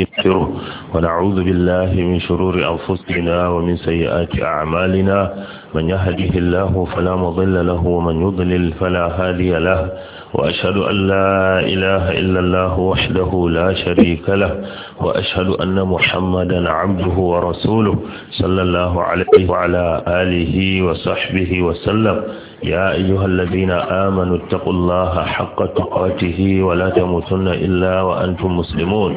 نستغفره ونعوذ بالله من شرور أنفسنا ومن سيئات أعمالنا من يهده الله فلا مضل له ومن يضلل فلا هادي له وأشهد أن لا إله إلا الله وحده لا شريك له وأشهد أن محمدا عبده ورسوله صلى الله عليه وعلى آله وصحبه وسلم يا أيها الذين آمنوا اتقوا الله حق تقاته ولا تموتن إلا وأنتم مسلمون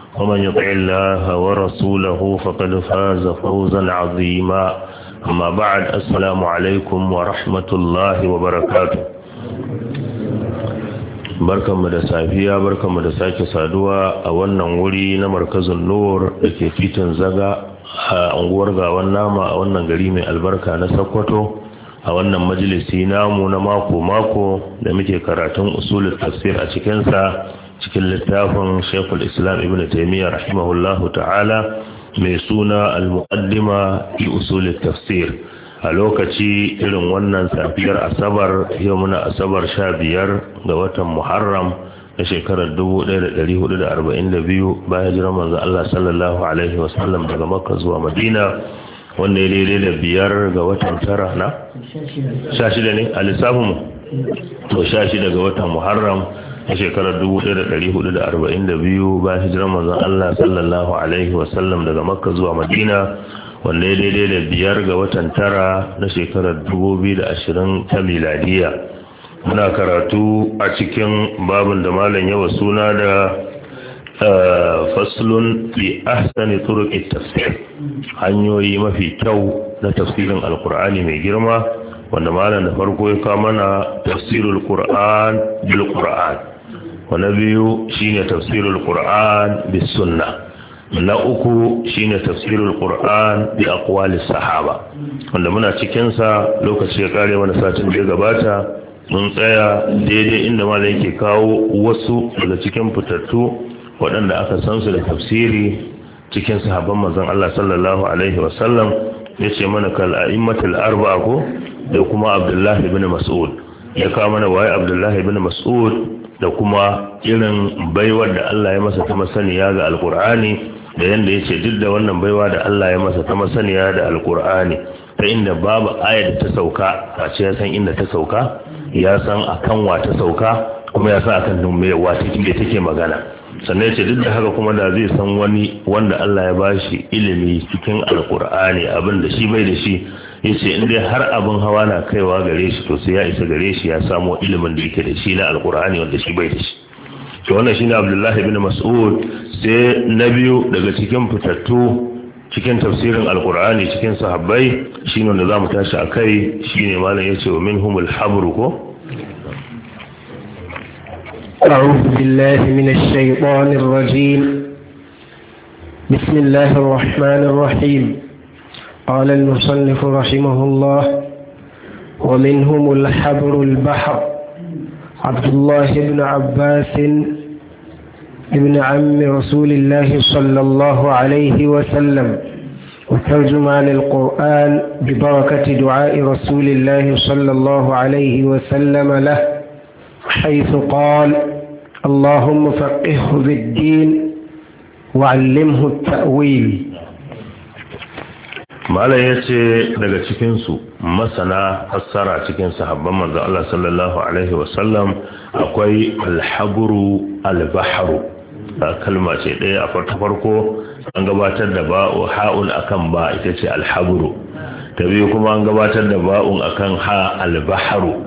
ومن يطع الله ورسوله فقد فاز فوزا عظيما أما بعد السلام عليكم ورحمة الله وبركاته barkanmu da safiya mu da sake saduwa a wannan wuri na markazin nur da ke fitin zaga a unguwar gawan nama a wannan gari mai albarka na sokoto a wannan majalisi namu na mako-mako da muke karatun usulul tafsir a cikinsa cikin littafin shekul Islam Ibn Taymiyyah rahimahullahu ta'ala mai suna al-muqaddima fi usul tafsir a lokaci irin wannan safiyar asabar yau muna asabar sha biyar ga watan Muharram na shekarar 1442 bayan jiran manzo Allah sallallahu alaihi wasallam daga Makka zuwa Madina Wannan daidai da biyar ga watan tara na sha ne a lissafin mu to sha shida ga watan Muharram a shekarar 1442 bayan hijirar manzon Allah sallallahu alaihi wasallam daga Makka zuwa Madina wanda ya daidai da biyar ga watan tara na shekarar 2020 ta miladiya muna karatu a cikin babin da malam yawa suna da eh, faslun fi ahsani turuq tafsir hanyoyi mafi kyau na tafsirin alkur'ani mai girma wanda malam da farko ya kama na tafsirul qur'an bil qur'an na biyu shine tafsirul qur'an bis sunna na uku shine tafsirul qur'an bi aqwali sahaba wanda muna cikin sa lokaci ya kare mana satin da gabata mun tsaya daidai inda malai yake kawo wasu daga cikin fitattu waɗanda aka san su da tafsiri cikin sahabban manzon Allah sallallahu alaihi yace mana kal a'immatul arba'a ko da kuma Abdullahi ibn Mas'ud ya kawo mana waye Abdullahi ibn Mas'ud da kuma irin baiwar da Allah ya masa ta masaniya ga alkur'ani da yadda ya ce duk da wannan baiwa da Allah ya masa ta masaniya da alkur'ani ta inda babu ayar da ta sauka a ce ya san inda ta sauka ya san a wa ta sauka kuma ya san kan nume wa take take magana sannan ya ce duk da haka kuma da zai san wani wanda Allah ya ba shi ilimi cikin alkur'ani abin da shi bai da shi ya ce in dai har abin hawa na kaiwa gare shi to sai ya isa gare shi ya samo ilimin da yake da shi na alkur'ani wanda shi bai da shi to wannan shine abdullahi ibn mas'ud sai na biyu daga cikin fitattu cikin tafsirin alkur'ani cikin sahabbai shine wanda zamu tashi akai shine malam yace wa minhumul habru ko أعوذ بالله من الشيطان الرجيم بسم الله الرحمن الرحيم قال المصنف رحمه الله ومنهم الحبر البحر عبد الله بن عباس ابن عم رسول الله صلى الله عليه وسلم وترجم عن القرآن ببركة دعاء رسول الله صلى الله عليه وسلم له حيث قال اللهم فقهه بالدين وعلمه التأويل malam ya ce daga cikinsu masana fassara cikin sahabban manzo Allah sallallahu alaihi wasallam akwai alhabru albahru kalma ce ɗaya a farko farko an gabatar da ba'u ha'un akan ba ita ce alhaburu. ta biyu kuma an gabatar da ba'un akan ha albahru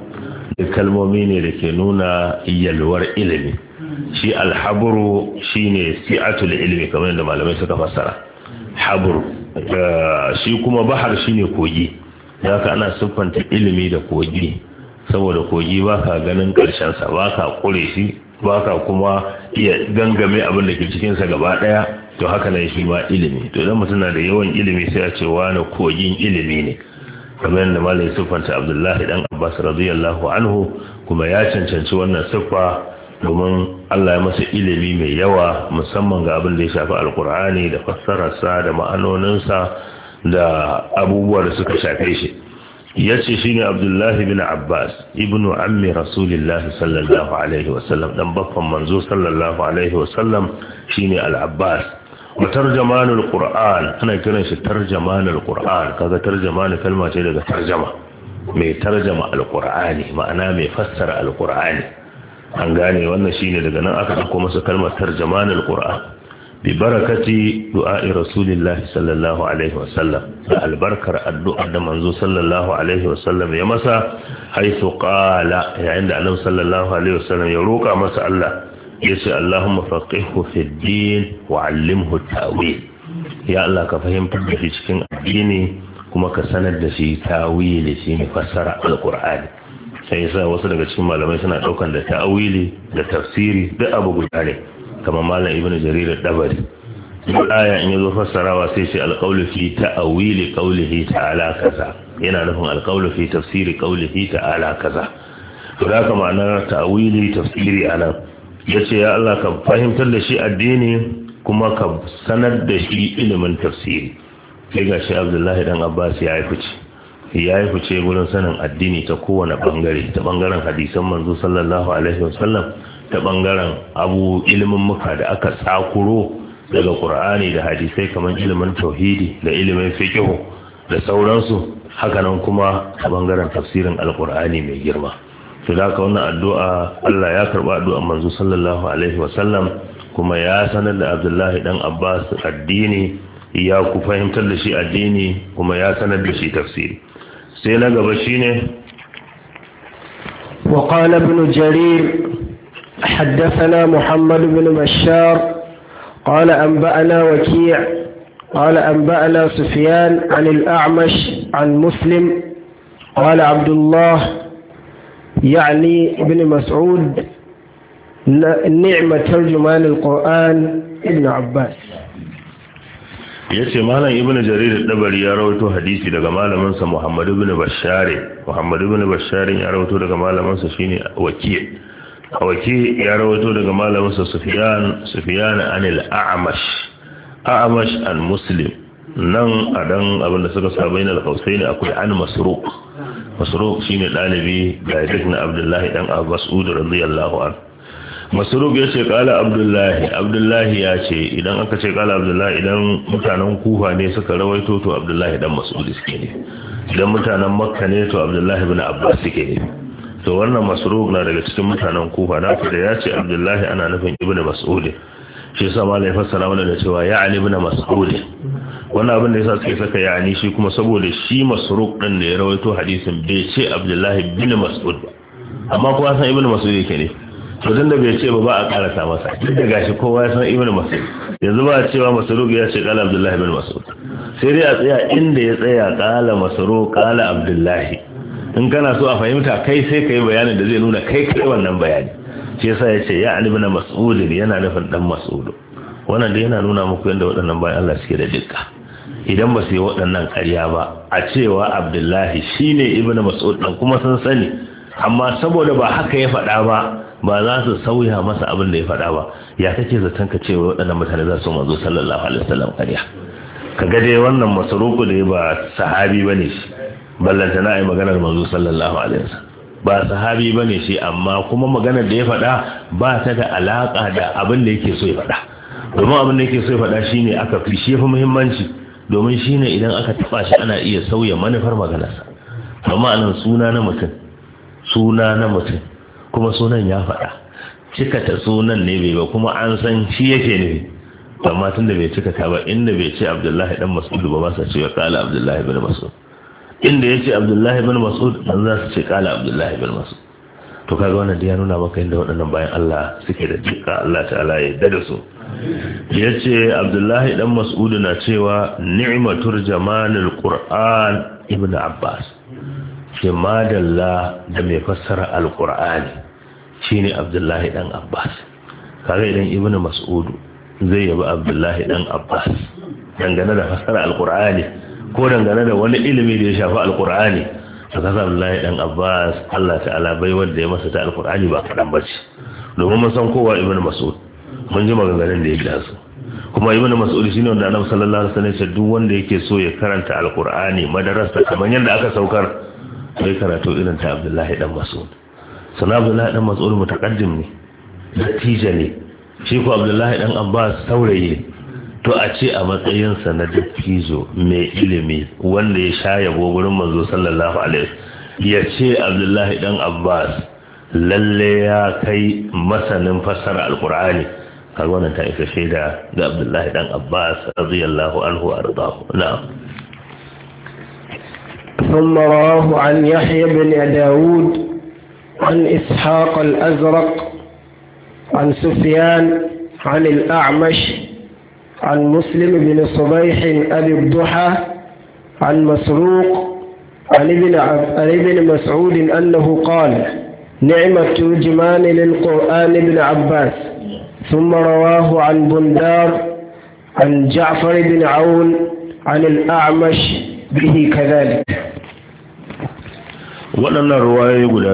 da kalmomi ne da ke nuna yalwar ilimi shi alhabru shine si'atul ilimi kamar yadda malamai suka fassara habru shi kuma bahar shine kogi ya haka ana siffanta ilimi da kogi saboda kogi ba ka ganin sa ba ka kure shi ba ka kuma iya gangame abin da ke cikinsa gaba ɗaya to haka nan shi ma ilimi to idan mutum na da yawan ilimi sai a ce wani kogin ilimi ne kamar yadda malai siffanta abdullahi dan abbas radiyallahu anhu kuma ya cancanci wannan siffa domin Allah ya masa ilimi mai yawa musamman ga abin da ya shafi alkur'ani da fassararsa da ma'anoninsa da abubuwa da suka shafe shi ya ce shi ne abdullahi bin abbas ibnu ammi rasulillah sallallahu alaihi wasallam dan baffan manzo sallallahu alaihi wasallam shi ne al'abbas wa tarjamanul qur'an ana kiran shi tarjamanul qur'an kaga tarjamanu kalma ce daga tarjama mai tarjama alqur'ani ma'ana mai fassara alqur'ani an gane wannan shine daga nan aka dauko masa kalmar tarjamanul qur'an bi barakati du'a'i rasulillah sallallahu alaihi sallam, da albarkar addu'ar da manzo sallallahu alaihi sallam ya masa haythu qala yayin da annabi sallallahu alaihi sallam ya roka masa Allah yace Allahumma faqihhu fid din wa 'allimhu ta'wil ya Allah ka fahimtar da shi cikin addini kuma ka sanar da shi tawili ne fassara alqur'ani sai yasa wasu daga cikin malamai suna daukan da ta'awili da tafsiri duk abu guda ne kamar malam ibnu jarir dabari duk aya in yazo fassarawa sai shi alqawlu fi ta'awili qawlihi ta'ala kaza yana nufin alqawlu fi tafsiri qawlihi ta'ala kaza to da ka ma'anar ta'awili tafsiri anan yace ya Allah ka fahimtar da shi addini kuma ka sanar da shi ilimin tafsiri sai ga shi abdullahi dan abbas ya yi fice ya yi fice wurin sanin addini ta kowane bangare ta bangaren hadisan manzo sallallahu alaihi wasallam ta bangaren abu ilimin muka da aka tsakuro daga qur'ani da hadisai kamar ilimin tauhidi da ilimin fiqh da sauransu nan kuma ta bangaren tafsirin alqur'ani mai girma to da ka wannan addu'a Allah ya karba addu'ar manzo sallallahu alaihi wasallam kuma ya sanar da Abdullahi dan Abbas addini ya ku fahimtar da shi addini kuma ya sanar da shi tafsiri sai na وقال ابن جرير حدثنا محمد بن بشار قال أنبأنا وكيع قال أنبأنا سفيان عن الأعمش عن مسلم قال عبد الله يعني ابن مسعود نعم ترجمان القرآن ابن عباس yace malam ibnu jarir dabari ya rawaito hadisi daga malamin muhammad ibn bashar muhammad ibn bashar ya rawaito daga malamin shine wakiy wakiy ya rawaito daga malamin sufyan sufyan anil a'mash a'mash al muslim nan adan abin da suka saba yana al akwai an masruq masruq shine dalibi ga dukkan abdullahi dan abbas ud radiyallahu anhu masaruf ya ce kala abdullahi abdullahi ya ce idan aka ce kala abdullahi idan mutanen kufa ne suka rawaito to abdullahi dan mas'udi suke ne idan mutanen makka ne to abdullahi bin abbas suke ne to wannan masaruf na daga cikin mutanen kufa na da ya ce abdullahi ana nufin ibnu mas'udi shi yasa malai fassara mana da cewa ya ali ibn mas'udi wannan abin da yasa suke saka ya ani shi kuma saboda shi masruq din da ya rawaito hadisin bai ce abdullahi bin mas'ud ba amma kuma san ibnu mas'ud yake ne to tun da bai ce ba ba a karanta masa duk da gashi kowa ya san ibnu mas'ud yanzu ba a cewa masruq ya ce qala abdullahi ibn mas'ud sai dai a tsaya inda ya tsaya qala masruq qala abdullahi in kana so a fahimta kai sai kai bayanin da zai nuna kai kai wannan bayani shi yasa ya ce ya ibn mas'ud yana nufin dan mas'ud wannan dai yana nuna muku yanda waɗannan bayan Allah suke da dukka idan ba su yi waɗannan ƙarya ba a cewa abdullahi shine ibnu mas'ud dan kuma sun sani amma saboda ba haka ya faɗa ba ba za su sauya masa abin da ya faɗa ba ya kake zaton ka cewa waɗannan mutane za su manzo sallallahu alaihi wasallam ƙarya ka ga dai wannan masaruku da ba sahabi bane shi ballanta na magana maganar manzo sallallahu alaihi wasallam ba sahabi bane shi amma kuma maganar da ya faɗa ba ta da alaka da abin da yake so ya faɗa domin abin da yake so ya faɗa shine aka fi shi fi muhimmanci domin shine idan aka taba shi ana iya sauya manufar maganarsa amma anan suna na mutum suna na mutum kuma sunan ya faɗa cikata sunan ne bai ba kuma an san shi yake ne amma tun da bai cikata ba inda bai ce abdullahi dan mas'ud ba ba sa ce ya kala abdullahi bin mas'ud inda ya ce abdullahi bin mas'ud dan za su ce kala abdullahi bin mas'ud to kaga wannan da ya nuna maka inda waɗannan bayan Allah suke da jika Allah ta'ala ya yarda su ya ce abdullahi dan mas'ud na cewa ni'matur jamanul qur'an ibnu abbas ke madalla da mai fassara alqur'ani shine abdullahi dan abbas kare idan ibnu mas'ud zai yabi abdullahi dan abbas dangane da fasara alqur'ani ko dangane da wani ilimi da ya shafi alqur'ani to kaza abdullahi dan abbas Allah ta'ala bai wanda ya masa ta alqur'ani ba kadan bace domin mun san kowa ibnu mas'ud mun ji maganganun da ya su kuma ibnu mas'ud shine wanda annabi sallallahu alaihi wasallam ya duk wanda yake so ya karanta alqur'ani madarasa kamar yadda aka saukar sai karatu irin ta abdullahi dan mas'ud sana abdullahi dan mas'ud mutaqaddim ne dattijo ne shi ko abdullahi dan abbas saurayi to a ce a matsayinsa na dattijo mai ilimi wanda ya sha yabo gurin manzo sallallahu alaihi ya ce abdullahi dan abbas lalle ya kai masanin fasara alkur'ani kaga wannan ta isa shaida ga abdullahi dan abbas radiyallahu anhu ardahu na'am ثم رواه عن يحيى بن داود عن إسحاق الأزرق عن سفيان عن الأعمش عن مسلم بن صبيح أبي الضحى عن مسروق عن ابن, عن ابن مسعود أنه قال نعم الترجمان للقرآن ابن عباس ثم رواه عن بندار عن جعفر بن عون عن الأعمش به كذلك waɗannan الرواية يقول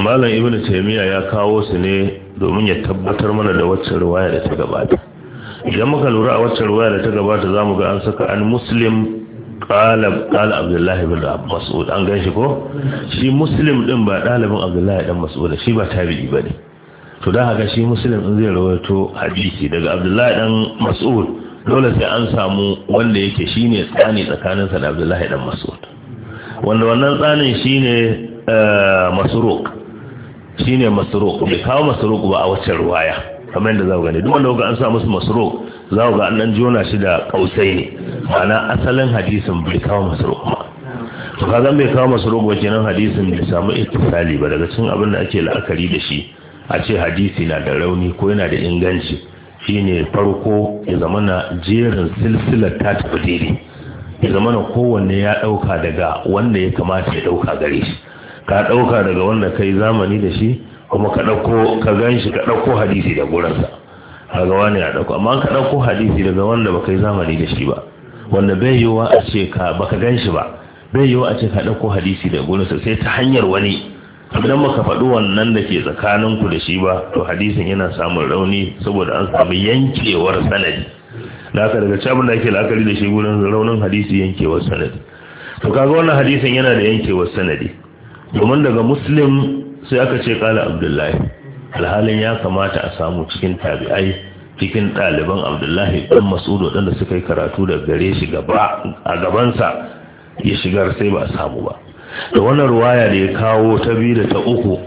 malam ibnu taymiya ya kawo su ne domin ya tabbatar mana da wacce ruwaya da ta gabata idan muka lura a wacce ruwaya da ta gabata zamu ga an saka an muslim qala abdullahi bin mas'ud an shi ko shi muslim din ba dalibin abdullahi dan mas'ud shi ba tabi'i bane to dan haka shi muslim din zai rawaito hadisi daga abdullahi dan mas'ud dole sai an samu wanda yake shine tsani tsakaninsa da abdullahi dan mas'ud wanda wannan tsanin shine eh, masruq shine masruq bai kawo masruq ba a wacce ruwaya kamar yadda za ku gani duk wanda kuka an sa musu masruq za ku ga an dan jona shi da kausai ne mana asalin hadisin bai kawo masruq ba to kaga bai kawo masruq ba kenan hadisin bai samu ittisali ba daga cikin abin da ake la'akari da shi a ce hadisi na da rauni ko yana da inganci shine farko ya zama na jerin silsilar ta tafi daidai ya na kowanne ya ɗauka daga wanda ya kamata ya ɗauka gare shi ka ɗauka daga wanda ka yi zamani da shi kuma ka ɗauko ka gan shi ka ɗauko hadisi da gurinsa kaga wani ya ɗauko amma ka ɗauko hadisi daga wanda baka yi zamani da shi ba wanda bai yiwuwa a ce ka baka gan shi ba bai yiwuwa a ce ka ɗauko hadisi da gurinsa sai ta hanyar wani idan baka faɗi wannan da ke tsakaninku da shi ba to hadisin yana samun rauni saboda an samu yankewar sanadi da aka daga cabin da ake la'akari da shi gurin raunin hadisi yankewar sanadi to kaga wannan hadisin yana da yankewar sanadi domin daga muslim sai aka ce kala abdullahi alhalin ya kamata a samu cikin tabi'ai cikin ɗaliban abdullahi ɗan masudu da suka yi karatu da gare shi a gabansa ya shigar sai ba a samu ba da wannan ruwaya da ya kawo ta biyu da ta uku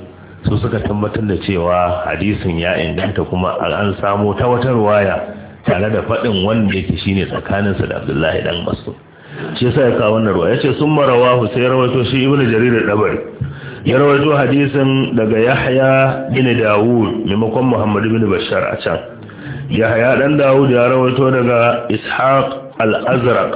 su suka tabbatar da cewa hadisin ya inganta kuma an samo ta wata ruwaya tare da faɗin wanda yake shine tsakaninsa da abdullahi ɗan masudu shi yasa ya kawo wannan ruwa yace sun marawahu sai rawaito shi ibnu jarir dabari ya rawaito hadisin daga yahya bin dawud maimakon muhammad bin bashar a can yahya dan dawud ya rawaito daga ishaq al-azraq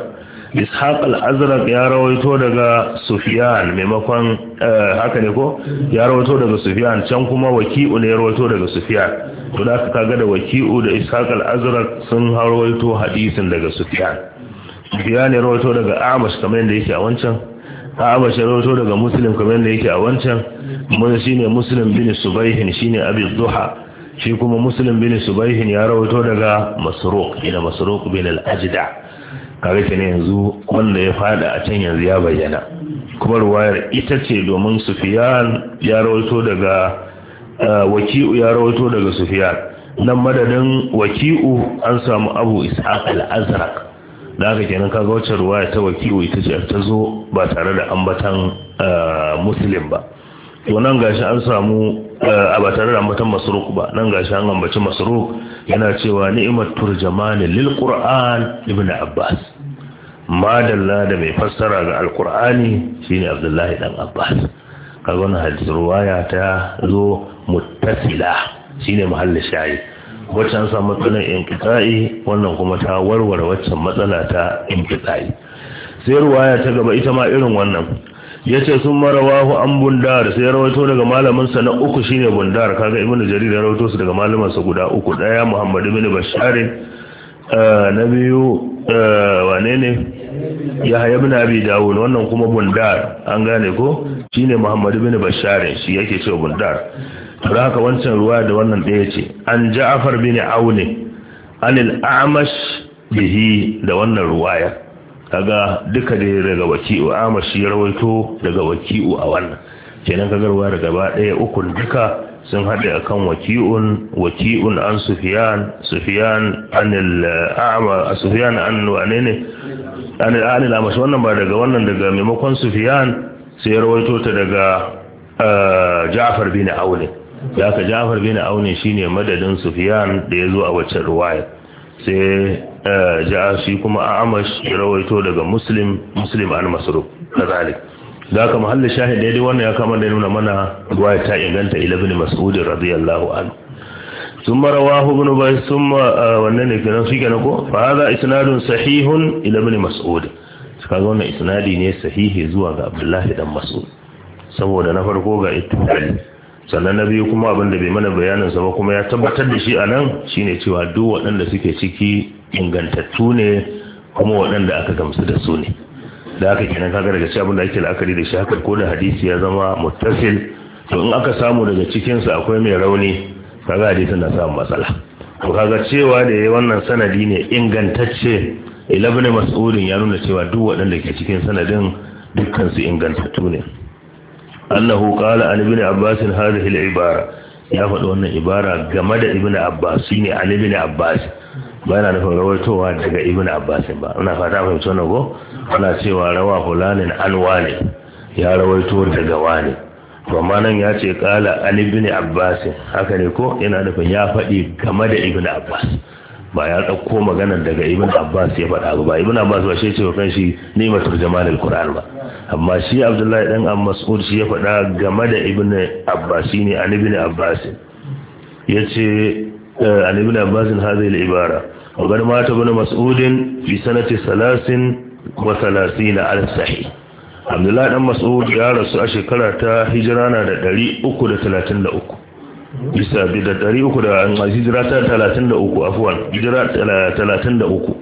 ishaq al-azraq ya rawaito daga sufyan maimakon eh, haka ne ko ya rawaito daga sufyan can kuma waki'u ne ya rawaito daga sufyan to da ga da waki'u da ishaq al-azraq sun rawaito hadisin daga sufyan Sufyan rawato daga amas kamar yadda yake a wancan amas ya rawato daga Muslim kamar yadda yake a wancan mun shine Muslim bin Subayh shine Abi Dhuha shi kuma Muslim bin Subayh ya rawato daga Masruq ila Masruq bin al-Ajda kaga ne yanzu wanda ya fada a can yanzu ya bayyana kuma ruwayar ita ce domin Sufyan ya rawato daga eh, Waki'u ya rawato daga Sufyan nan madadin Waki'u an samu Abu Ishaq al-Azraq da aka kenan kaga wacce ruwaya ta wakilu ita ce ta zo ba tare da ambatan eh, muslim ba to nan gashi an samu eh, a ba tare da ambatan masruk ba nan gashi an ambaci masruk yana cewa ni'imat turjamani lil qur'an ibnu abbas madalla da mai fassara ga alqur'ani shine abdullahi dan abbas kaga wannan hadisi ruwaya ta zo muttasila shine mahallin shayi wacce sa matsalar inkita'i wannan kuma ta warware waccan matsala ta inkita'i sai ruwaya ta gaba ita ma irin wannan yace sun marawahu an bundar sai rawaito daga malamin sa na uku shine bundar kaga ibnu jarir ya rawaito su daga malamansa guda uku daya muhammad ibn bashar eh, na biyu eh, wane ne ya yahya ibn abi dawud wannan kuma bundar an gane ko shine muhammad ibn bashar shi yake cewa bundar to da haka wancan ruwa da wannan ɗaya ce an ja'afar bin aune anil amash bihi da wannan ruwaya kaga duka dai daga waki'u amash ya rawaito daga waki'u a wannan kenan kaga ruwa da gaba ɗaya ukun duka sun haɗe a kan waki'un waki'un an sufiyan sufiyan anil a'ama sufiyan an wane ne anil anil amash wannan ba daga wannan daga maimakon sufiyan sai ya rawaito ta daga eh, ja'far bin aune da aka jafar bin auni shine madadin sufiyan da ya zo a wacce ruwaya sai eh, ja'a shi kuma amash rawaito daga muslim muslim an masruf kazalik da ka mahallin shahid daidai wannan ya kama da nuna mana ruwaya ta inganta ila bin mas'ud radiyallahu anhu ثم رواه ابن بيس ثم wannan ne kenan shi kenan ko fa hada sahihun ila ibn mas'ud kaga wannan isnadi ne sahihi zuwa ga abdullahi dan mas'ud saboda na farko ga ittifaqi sannan na biyu kuma abin da bai mana bayanin sa ba kuma ya tabbatar da shi a nan shine cewa duk waɗanda suke ciki ingantattu ne kuma waɗanda aka gamsu da su ne da haka kenan kaga daga cikin abin da ake la'akari da shi haka ko da hadisi ya zama muttasil to in aka samu daga cikin su akwai mai rauni kaga hadisi na samun matsala to kaga cewa da yayi wannan sanadi ne ingantacce ilabne mas'udin ya nuna cewa duk waɗanda ke cikin sanadin dukkan su ingantattu ne annahu qala an ibn abbas hadhihi al-ibara ya faɗi wannan ibara game da ibn abbas shine an ibn abbas ba yana nufin rawaitowa daga ibn abbas ba ina fata fahimta wannan go ana cewa rawa fulanin an wane ya rawaito daga wane amma nan ya ce qala an ibn abbas haka ne ko yana nufin ya faɗi game da ibn abbas ba ya ɗauko maganar daga ibn abbas ya faɗa ba ibn abbas ba shi ce wa kanshi nimatul jamal alquran ba amma shi abdullahi dan mas'ud shi ya faɗa game da ibn abbas ne an ibn abbas ce eh, an ibn abbas hadhihi al-ibara wa qad mata ibn mas'ud fi sanati 33 al sahi abdullahi dan mas'ud ya rasu a shekara ta hijira na da 333 bisa da ɗari uku da hijira ta talatin da uku afuwan hijira talatin da uku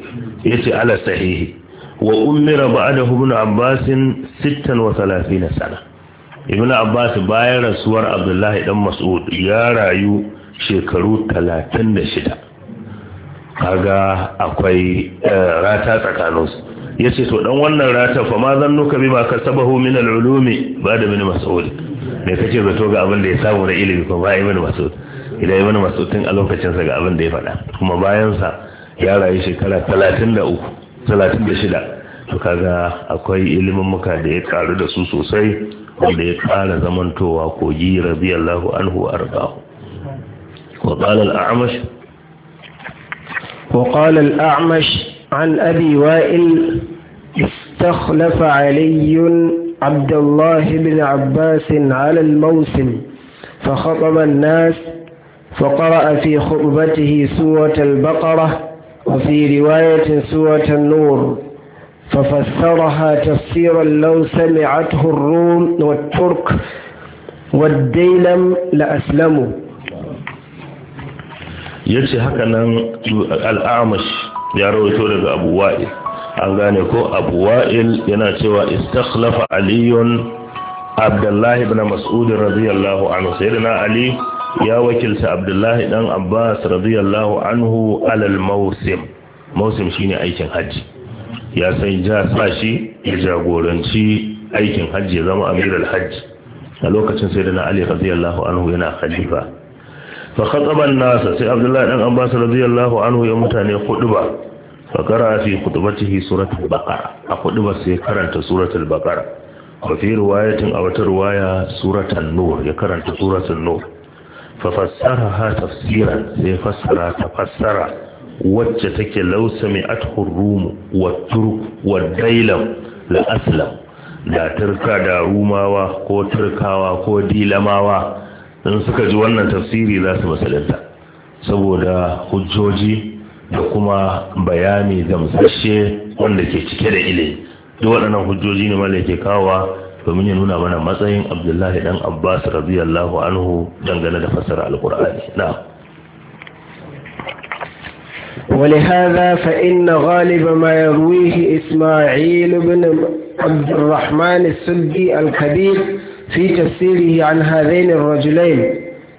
ya ce ala sahihi wa umira ba da hubun abbasin sittan wa na sana ibn abbas bayan rasuwar abdullahi dan mas'ud ya rayu shekaru talatin da shida kaga akwai eh, rata tsakaninsu ya ce to dan wannan rata fa ma zan bi bima kasabahu min al-ulumi ba da bin mas'ud me kace zato ga abin da ya samu na ilimi ko ba ibn mas'ud idan ibn mas'ud tun a lokacin sa ga abin da ya faɗa kuma bayan sa ya rayu shekara 33 36 to kaga akwai ilimin muka da ya karu da su sosai wanda ya kara zamantowa kogi radiyallahu anhu arbahu wa qala al-a'mash wa qala al-a'mash عن أبي وائل استخلف علي عبد الله بن عباس على الموسم فخطب الناس فقرأ في خطبته سورة البقرة وفي رواية سورة النور ففسرها تفسيرا لو سمعته الروم والترك والديلم لأسلموا يجي هكذا الأعمش ya rawaito daga abu wa'il an gane ko abu wa'il yana cewa istakhlafa aliyun abdullahi ibn mas'ud radiyallahu anhu sayyidina ali ya wakilta abdullahi dan abbas radiyallahu anhu alal mawsim mawsim shine aikin haji ya sai ja sashi ya jagoranci aikin haji zama amiral haji a lokacin sayyidina ali radiyallahu anhu yana khalifa fa khataban nasa sai abdullahi dan abbas radiyallahu anhu ya mutane khutba fa qara fi khutbatihi suratul bakara a ba sai karanta suratul bakara wa fi ruwayatin a wata ruwaya suratul nur ya karanta suratul nur fafassara fassaraha tafsiran sai fassara ta fassara wacce take lausa mai athur rum wa turk wa dailam la aslam da turka da rumawa ko turkawa ko dilamawa in suka ji wannan tafsiri za su musulunta saboda hujjoji da kuma bayani gamsashe wanda ke cike da ilimi duk waɗannan hujjoji ne mala ke kawa domin ya nuna mana matsayin abdullahi dan abbas radiyallahu anhu dangane da fassara alkur'ani na ولهذا فإن غالب ما يرويه إسماعيل بن عبد الرحمن السدي الكبير في تفسيره عن هذين الرجلين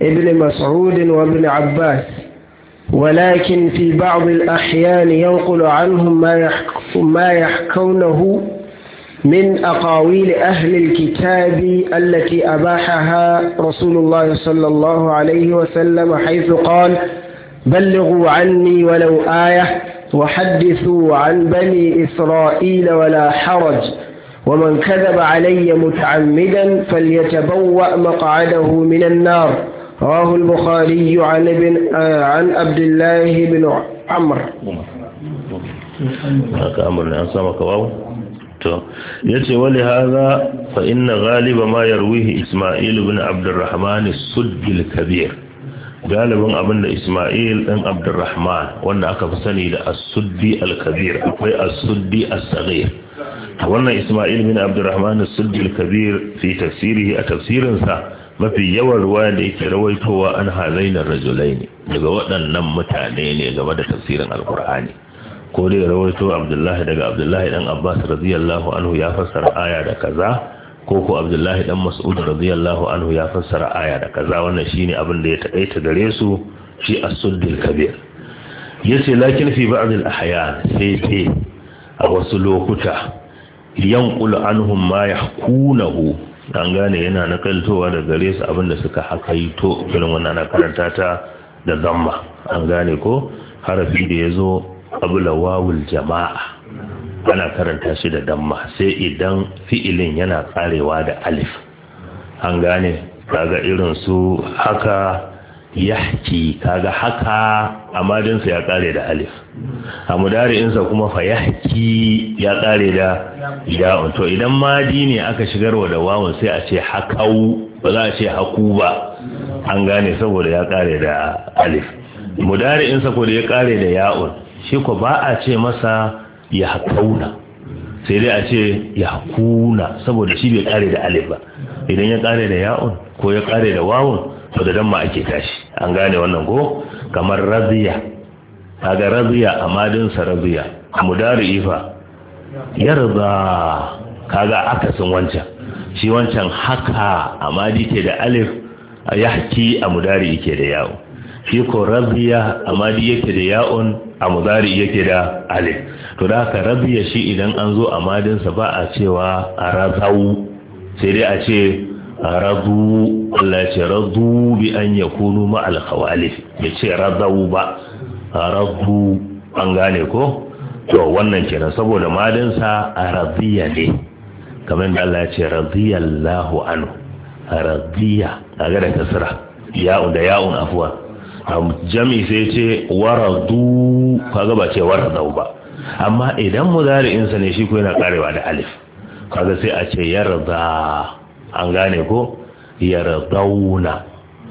ابن مسعود وابن عباس ولكن في بعض الأحيان ينقل عنهم ما, يحك ما يحكونه من أقاويل أهل الكتاب التي أباحها رسول الله صلى الله عليه وسلم حيث قال بلغوا عني ولو آية وحدثوا عن بني إسرائيل ولا حرج ومن كذب علي متعمدا فليتبوأ مقعده من النار رواه البخاري عن ابن آه عن عبد الله بن عمر يعني يتي ولهذا فإن غالب ما يرويه إسماعيل بن عبد الرحمن السد الكبير قال أبن da Ismail ɗin Abdulrahman wanda aka fi sani da As-Suddi wannan Ismail bin Abdurrahman as kabir fi tafsirihi a tafsirinsa mafi yawan ruwa da yake rawaitowa an halaina rajulaini daga waɗannan mutane ne game da tafsirin alkur'ani ko dai rawaito Abdullahi daga Abdullahi dan Abbas radiyallahu anhu ya fassara aya da kaza ko ko Abdullahi dan Mas'ud radiyallahu anhu ya fassara aya da kaza wannan shine abin da ya taƙaita gare su shi as-Suddi kabir yace lakin fi ba'd al-ahyan sai sai a wasu lokuta yanqulu anhum ma yahkunahu an gane yana nakaltowa da gare su da suka hakaito irin wannan na karanta ta da zamma an gane ko harafi da ya zo ƙabla wawul jama'a ana karanta shi da damma sai idan fi'ilin yana karewa da alif an gane kaga irin su haka yahki kaga haka a madinsa ya kare da alif a mudari'insa kuma fa yahki ya kare da ya'un to idan madi ne aka shigarwa da wawun sai a ce hakau ba za a ce haku ba an gane saboda ya kare da alif mudari'insa ko da ya kare da ya'un shi ko ba a ce masa ya hakauna sai dai a ce ya hakuna saboda shi bai kare da alif ba idan ya kare da ya'un ko ya kare da wawun to da damma ake tashi an gane wannan ko kamar radiya kaga radiya amadin sa raziya mudari ifa yarda kaga akasin wancan shi wancan haka amadi ke da alif yahki a mudari yake da yawo shi ko raziya amadi yake da ya'un a mudari yake da alif to da haka raziya shi idan an zo amadin sa ba a cewa a razau sai dai a ce radu Allah ce radu bi an yakunu ma al khawalif ya ce radau ba radu an gane ko to wannan kenan saboda malinsa a radiya ne kamar da Allah ya ce radiyallahu anhu radiya kaga da kasra ya'un da ya'un afwa jami sai ce waradu kaga ba ce waradau ba amma idan mu insa ne shi ko yana karewa da alif kaga sai a ce yarda an gane ko yardauna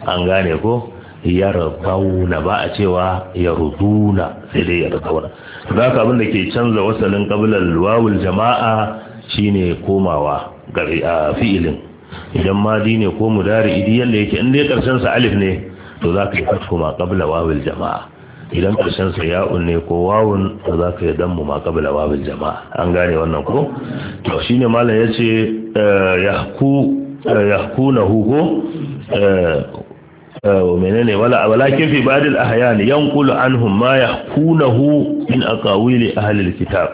an gane ko yardauna ba a cewa yarduna sai dai zaka abin da ke canza wasalin qablal wawul jama'a shine komawa ga fi'ilin idan madi ne ko mudari idi yanda yake in dai karshen sa alif ne to zaka yi fasko ma qabla wawul jama'a idan karshen sa ya'un ne ko wawun to zaka yi dammu ma qabla wawul jama'a an gane wannan ko to shine mallan yace Eh, yahku eh, yahkunahu ko eh, menene wala walakin fi ba'd al-ahyan yanqulu anhum ma in min aqawili a al-kitab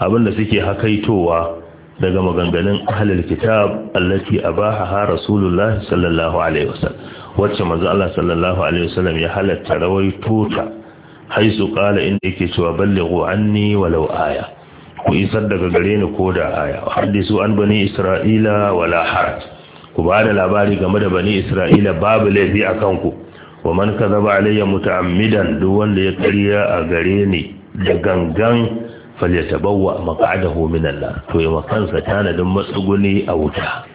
abinda suke hakaitowa daga maganganun ahlul kitab allaki a allati ha rasulullahi sallallahu alaihi wasallam wacce manzo Allah sallallahu alaihi wasallam ya halatta rawaito ta haisu kala inda yake cewa ballighu anni walau aya ku isar daga gare ni ko da aya hadisu an bani isra'ila wala haraj ku ba da labari game da bani isra'ila babu laifi a kanku wa man zaba alayya muta'ammidan duk wanda ya karya a gare ni da gangan falyatabawwa maq'adahu min Allah to ya makansa tanadin matsuguni a wuta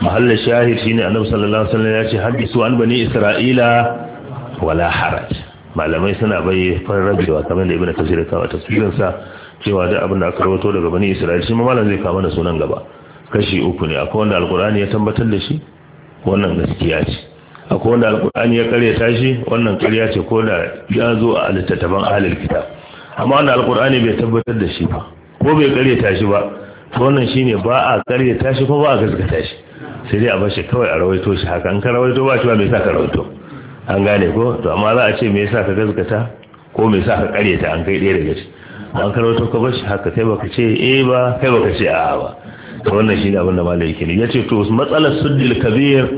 mahalla shahid shine annabi sallallahu alaihi wasallam ya ce hadisu an bani isra'ila wala haraj malamai suna bai rabewa kamar da ibnu kasir ya kawo tafsirin cewa da abin da aka rawato daga bani isra'il shi malam zai kama da sunan gaba kashi uku ne akwai wanda alkur'ani ya tabbatar da shi wannan gaskiya ce akwai wanda alkur'ani ya karyata shi wannan karya ce ko da ya zo a littattafan ahlul kitab amma wannan alkur'ani bai tabbatar da shi ba ko bai karyata shi ba to wannan shine ba a karyata shi ko ba a gaskata shi sai dai a bar shi kawai a rawaito shi haka an ka rawaito ba shi ba me yasa ka rawaito an gane ko to amma za a ce me yasa ka gaskata ko me yasa ka karyata an kai ɗaya daga ciki an karwato ka bashi haka kai baka ce eh ba kai baka ce a ba wannan shi ne abin da malai yake ya ce to matsalar suddil kabir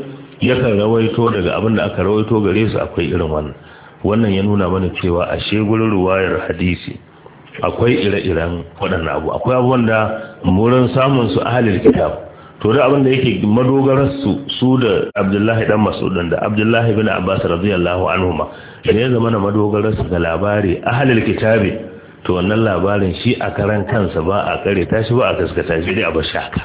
yakan rawaito daga abin da aka rawaito gare su akwai irin wannan wannan ya nuna mana cewa she gurin ruwayar hadisi akwai ire-iren waɗannan abu akwai abubuwan da murin samun su ahalil kitab to da abin da yake madogarar su su da Abdullahi dan Mas'ud da Abdullahi bin Abbas radiyallahu anhuma da ya zama na madogarar su ga labari ahalil kitabi to wannan labarin shi a karan kansa ba a kare tashi ba a kaskata shi dai a bar shaka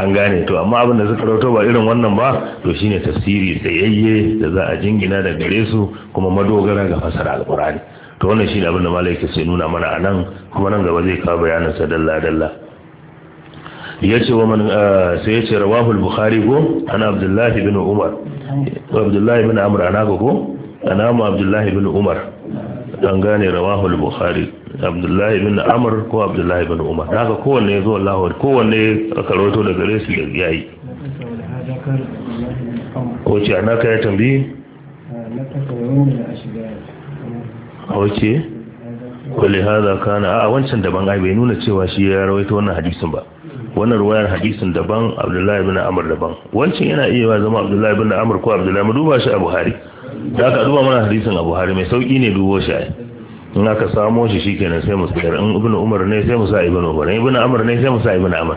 an gane to amma abin da suka rauto ba irin wannan ba to shine tafsiri tsayayye da za a jingina da gare su kuma madogara ga fasara alqur'ani to wannan shi ne abin da malai sai nuna mana a nan kuma nan gaba zai kawo bayanin sa dalla dalla yace wa man ah, sai yace rawahu al-bukhari go ana abdullah ibn umar wa abdullah ibn amr ana go ana mu abdullah ibn umar an gane rawahul bukhari abdullahi bin amr ko abdullahi bin umar daga kowanne ya zo Allah kowanne aka rawaito daga gare su da yayi ko ce ana kai tambayi wace wale haza kana a wancan daban ai bai nuna cewa shi ya rawaito wannan hadisin ba wannan ruwayar hadisin daban abdullahi bin amr daban wancan yana iya zama abdullahi bin amr ko abdullahi mu duba shi a buhari da aka duba mana hadisin a buhari mai sauki ne dubo shi ai in aka samo shi shikenan sai mu sayar in ibn umar ne sai mu sa ibn umar ibn amr ne sai mu sa ibn amr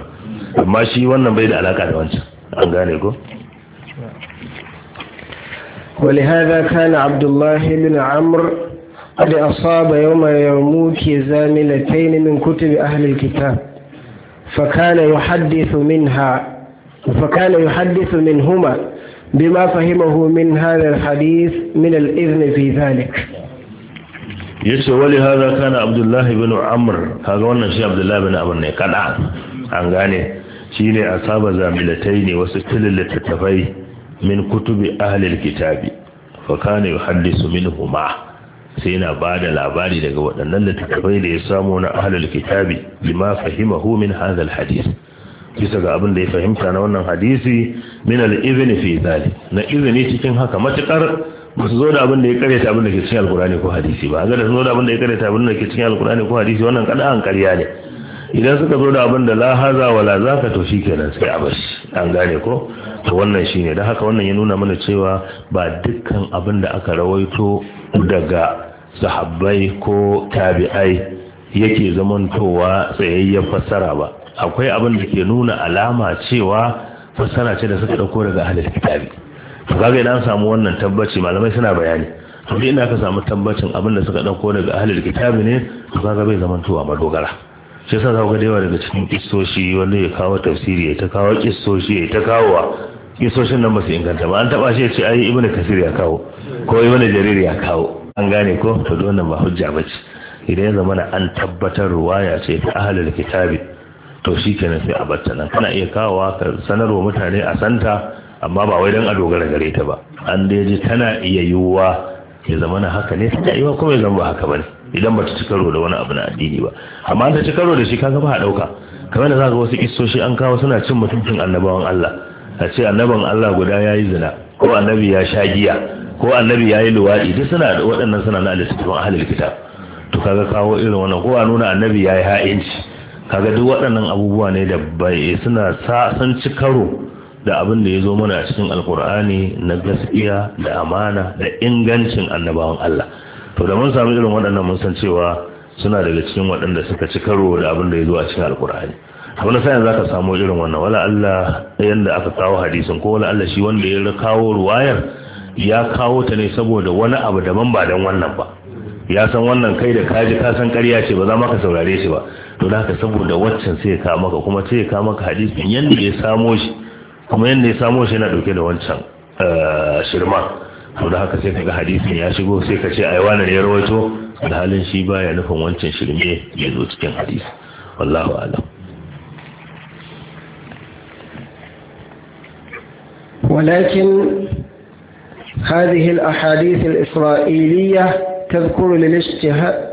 amma shi wannan bai da alaka da wancan an gane ko ولهذا كان عبد الله بن عمرو قد أصاب يوم يرموك زاملتين من كتب أهل الكتاب فكان يحدث منها فكان يحدث منهما بما فهمه من هذا الحديث من الإذن في ذلك yace wali hada kana abdullahi bin amr kaga wannan shi abdullahi bin amr ne kada an gane shine asaba zamilatai ne wasu tilillatafai min kutubi ahli alkitabi fa kana yuhaddisu ma. sai yana bada labari daga waɗannan litattafai da ya samu na ahli kitabi, bima fahimahu min hadha hadis. bisa ga abin da ya fahimta na wannan hadisi min al-izni fi dhalik na izini cikin haka matukar ba su zo da abin da ya karyata abin da ke cikin alkurani ko hadisi ba ga da su zo da abin da ya karyata abin da ke cikin alkurani ko hadisi wannan kada an karya ne idan suka zo da abin da la haza wala zaka to shikenan sai a bashi an gane ko to wannan shine dan haka wannan ya nuna mana cewa ba dukkan abin da aka rawaito daga sahabbai ko tabi'ai yake zamantowa tsayayyen fassara ba akwai abin da ke nuna alama cewa fassara ce da suka ɗauko daga ahlul kitabi to kaga idan samu wannan tabbaci malamai suna bayani to dai ina ka samu tabbacin abin da suka ɗauko daga ahlul kitabi ne to kaga bai zaman tuwa madogara shi yasa za ku ga daga cikin kissoshi wanda ya kawo tafsiri ya ta kawo kissoshi ya ta kawo kisoshin nan ba su inganta ba an taba shi ya ce ai ibnu kasir ya kawo ko ibnu jarir ya kawo an gane ko to wannan ba hujja ba ce idan ya zama an tabbatar ruwaya ce ta ahlul kitabi to shi kenan sai a bata nan kana iya kawowa ka sanarwa mutane a santa amma ba wai don a dogara gare ta ba an da ji tana iya yiwuwa ya zama na haka ne tana iya kuma ya zama ba haka bane idan ba ta ci karo da wani abu na addini ba amma ta ci karo da shi kaga ba a dauka kamar da zaka wasu kissoshi an kawo suna cin mutuncin annabawan Allah a ce annaban Allah guda yayi zina ko annabi ya sha giya ko annabi yayi luwaɗi. duk suna waɗannan suna na littafin ahlul kitab to kaga kawo irin wannan ko a nuna annabi yi ha'inci kaga duk waɗannan abubuwa ne da bai suna sa san ci karo da abin da ya zo mana a cikin alkur'ani na gaskiya da amana da ingancin annabawan Allah to da mun samu irin waɗannan mun san cewa suna daga cikin waɗanda suka ci karo da abin da ya zo a cikin alkur'ani abin da sai za ka samu irin wannan wala Allah yanda aka kawo hadisin ko wala Allah shi wanda ya kawo ruwayar ya kawo ta ne saboda wani abu daban ba dan wannan ba ya san wannan kai da kaji ka san ƙarya ce ba za ma ka saurare shi ba to da haka saboda waccan sai ya kawo maka kuma sai ya kawo maka hadisin yanda ya samo shi kuma yanda ya samo shi yana dauke da wancan shirma to da haka sai kaga hadisin ya shigo sai ka ce ai wannan ya rawaito da halin shi baya nufin wancan shirme ya zo cikin hadisi wallahu a'lam ولكن هذه الأحاديث الإسرائيلية تذكر للاجتهاد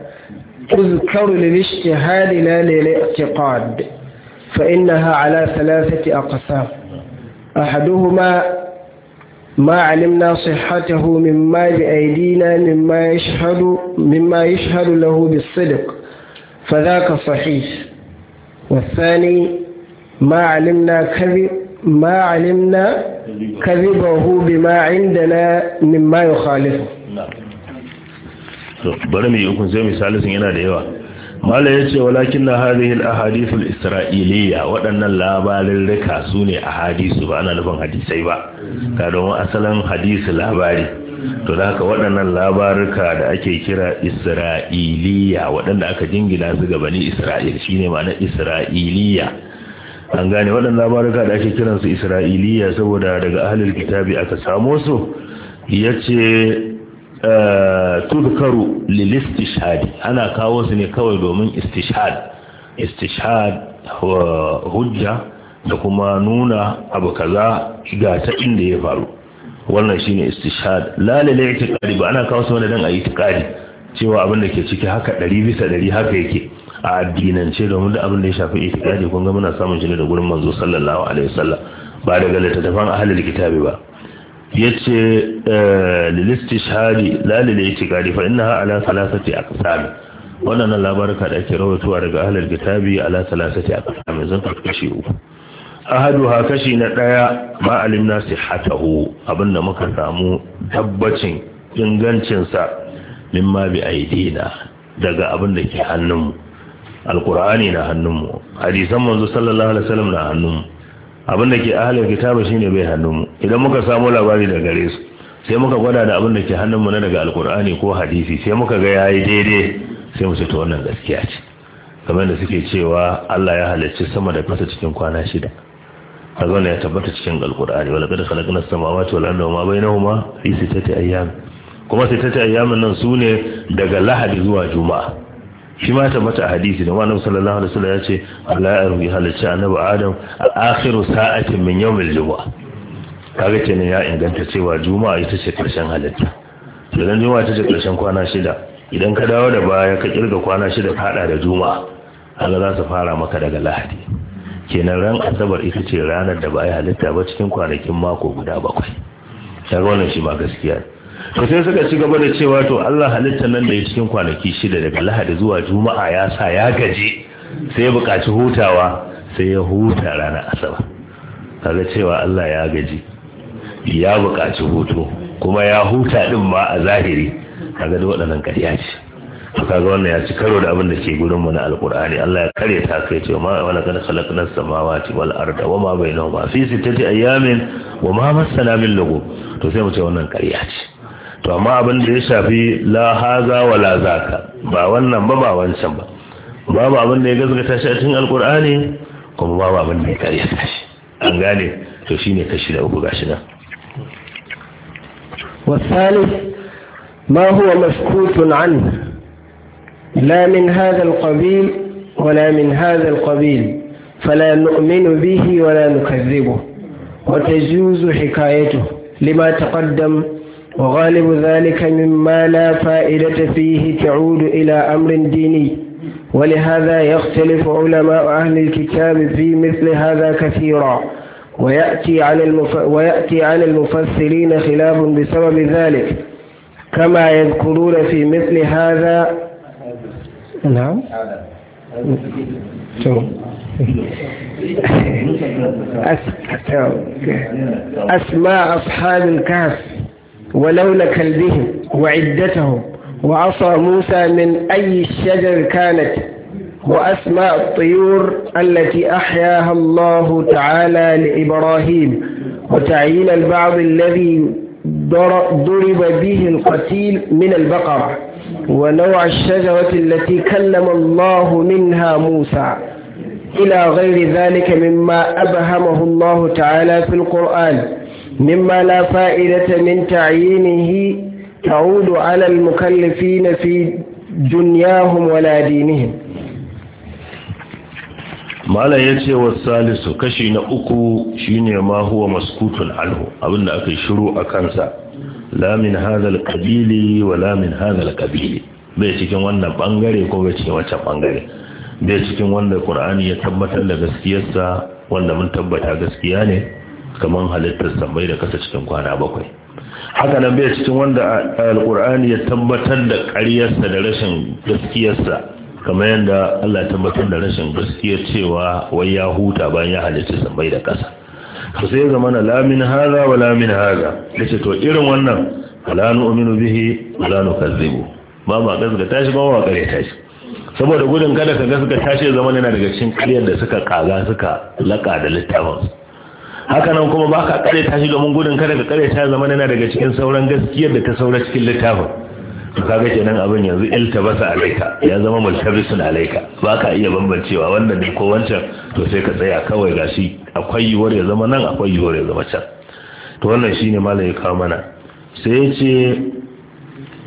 تذكر للاجتهاد لا للاعتقاد فإنها على ثلاثة أقسام أحدهما ما علمنا صحته مما بأيدينا مما يشهد, مما يشهد له بالصدق فذاك صحيح والثاني ما علمنا كذب ما علمنا كذبه بما عندنا مما يخالفه نعم. so bari mu yi ukun sai misalisin yana da yawa mala ya ce walakin na hadihin ahadisul isra'iliya waɗannan labarin rika su ne a hadisu ba ana nufin hadisai ba ga domin asalin hadisi labari to da haka waɗannan labarika da ake kira isra'iliya waɗanda aka jingina su gabani isra'il shine ma'ana isra'iliya an gane waɗannan labarika da ake kiransu isra'iliya saboda daga ahalil kitabi aka samo su yace. Eh, tudkaru lil istishhad ana kawo su ne kawai domin istishhad istishhad hujja da kuma nuna abu kaza ga ta inda ya faru wannan shine istishhad la lil i'tiqadi ba ana kawo su ne dan a i'tiqadi cewa abin da ke ciki haka 100 bisa 100 haka yake a addinance domin da abin da ya shafi itikadi kun ga muna samun shi da gurin manzo sallallahu alaihi wasallam ba daga littattafan ahlul kitabi ba yace eh, lilistishhadi la lilitikadi fa innaha ala salasati aqsam wannan labarka da ake rawaitowa daga ahlul kitabi ala salasati aqsam zan kashi uku ahaduha kashi na daya ma alimna sihhatahu abinda muka samu tabbacin ingancin sa mimma bi aidina daga abinda ke hannunmu alqur'ani na hannunmu hadisan manzo sallallahu alaihi wasallam na hannunmu abinda ke ahlul kitabi shine bai hannunmu idan muka samu labari da gare su sai muka gwada da abin da ke hannunmu na daga alkur'ani ko hadisi sai muka ga ya yi daidai sai mu ce wannan gaskiya ce kamar da suke cewa Allah ya halarci sama da kasa cikin kwana shida a zauna ya tabbata cikin alkur'ani wala kada khalaqna samawati wal arda wama bainahuma fi sittati ayyam kuma sittati ayyamin nan sune daga lahadi zuwa juma'a shi ma tabbata a hadisi da wani sallallahu alaihi wasallam ya ce Allah ya halarci annabi Adam al-akhiru sa'atin min yawmil juma'a kaga kenan ya inganta cewa juma'a ita ce karshen halitta idan juma'a ita ce karshen kwana shida idan ka dawo da baya ka kirga kwana shida ka hada da juma'a kaga za su fara maka daga lahadi kenan ran asabar ita ce ranar da ba ya halitta ba cikin kwanakin mako guda bakwai kaga wannan shi ma gaskiya to sai suka ci gaba da cewa to Allah halitta nan da ya cikin kwanaki shida daga lahadi zuwa juma'a ya sa ya gaji sai ya buƙaci hutawa sai ya huta ranar asabar kaga cewa Allah ya gaji ya buƙaci hutu kuma ya huta ɗin ma a zahiri kaga da waɗannan ƙarya ce to kaga wannan ya ci karo da abin da ke gurin mu na alqur'ani Allah ya kare ta kai ce ma wala kana khalaqna samawati wal arda wama bainahuma fi sittati ayamin ma massana min lugu to sai mu ce wannan ƙarya ce to amma abin da ya shafi la haza wa la zaka ba wannan ba ba wancan ba babu abin da ya gaskata shi a cikin alqur'ani kuma babu abin da ya karyata shi an gane to shine kashi da uku gashi nan والثالث ما هو مسكوت عنه لا من هذا القبيل ولا من هذا القبيل فلا نؤمن به ولا نكذبه وتجوز حكايته لما تقدم وغالب ذلك مما لا فائدة فيه تعود إلى أمر ديني ولهذا يختلف علماء أهل الكتاب في مثل هذا كثيرا ويأتي عن, المف... ويأتي عن المفسرين خلاف بسبب ذلك كما يذكرون في مثل هذا نعم أسماء أصحاب الكهف ولون كلبهم وعدتهم وعصى موسى من أي الشجر كانت وأسماء الطيور التي أحياها الله تعالى لإبراهيم وتعيين البعض الذي ضرب به القتيل من البقرة ونوع الشجرة التي كلم الله منها موسى إلى غير ذلك مما أبهمه الله تعالى في القرآن مما لا فائدة من تعيينه تعود على المكلفين في دنياهم ولا دينهم malam ya ce wa salisu kashi na uku shine ma huwa maskutun anhu abinda aka shiru a kansa Lamin min kabili wa la min hadhal bai cikin wannan bangare ko bai cikin wancan bangare bai cikin wanda qur'ani ya tabbatar da gaskiyarsa wanda mun tabbata gaskiya ne kaman halittar sammai da kasa cikin kwana bakwai haka nan bai cikin wanda alqur'ani ya tabbatar da ƙaryarsa da rashin gaskiyarsa kamar yadda Allah ya tabbatar da rashin gaskiya cewa wai ya huta bayan ya halicci sammai da ƙasa to sai ga mana la min hadha wa la min hadha yace to irin wannan la nu'minu bihi wa la nukazzibu ba ma gaskata tashi ba wa kare tashi. saboda gudun kada ka tashi ya zama yana daga cikin ƙaryar da suka kaga suka laka da littafin haka nan kuma ba ka kare tashi domin gudun kada ka kareta zama yana daga cikin sauran gaskiyar da ta saura cikin littafin to kaga kenan abin yanzu iltabasa alaika ya zama multabisun alaika ba ka iya bambancewa wannan ne ko wancan to sai ka tsaya kawai gashi akwai yiwuwar ya zama nan akwai yiwuwar ya zama can to wannan shine malam ya kawo mana sai ya ce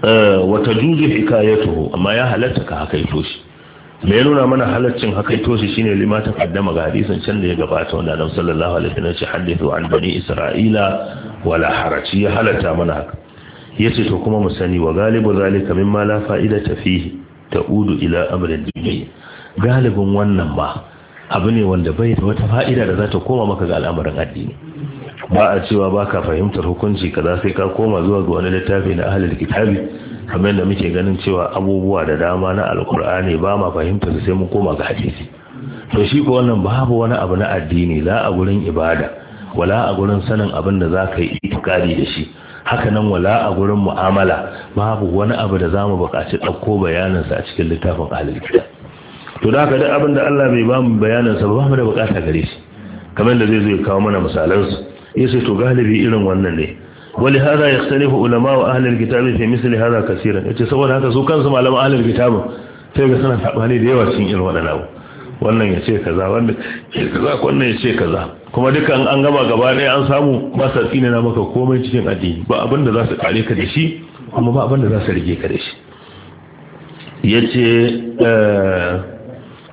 eh, wata juzu hikayatu amma ya halatta ka hakaito shi me ya nuna mana halaccin hakaito shi shine lima ta kaddama ga hadisin can da ya gabata wanda Annabi sallallahu alaihi wasallam ya ce hadithu an bani Isra'ila wala haraji ya halatta mana haka yace to kuma mu sani wa galibu zalika mimma la ta fihi ta'udu ila amrin dunyayi galibin wannan ba abu ne wanda bai da wata fa'ida da za ta koma maka ga al'amarin addini ba a cewa ba ka fahimtar hukunci kaza sai ka koma zuwa ga wani littafi na ahlul kitabi kamar da muke ganin cewa abubuwa da dama na alkur'ani ba ma fahimtar sai mu koma ga hadisi to shi ko wannan babu wani abu na addini la a gurin ibada wala a gurin sanin abin da za ka yi itikadi da shi hakanan wala a wurin mu'amala babu wani abu da za mu bukaci ɗauko bayaninsa a cikin littafin ahalar gida to da haka duk abin da Allah bai bamu bayaninsa ba mu da bukata gare shi kamar da zai zo ya kawo mana misalansu ya sai to galibi irin wannan ne wali hada ya tsare fa ulama wa ahalar kitabin fi misali hada kasiran ya ce saboda haka su kansu malaman ahalar kitabin sai ga suna saɓani da yawa cikin irin waɗannan abu wannan ya ce kaza wannan ya kaza wannan ya ce kaza kuma dukan an gama gaba ɗaya an samu ba sa tsine na maka komai cikin addini ba abin da za su kare ka da shi kuma ba abin da za su rige ka da shi ya ce eh,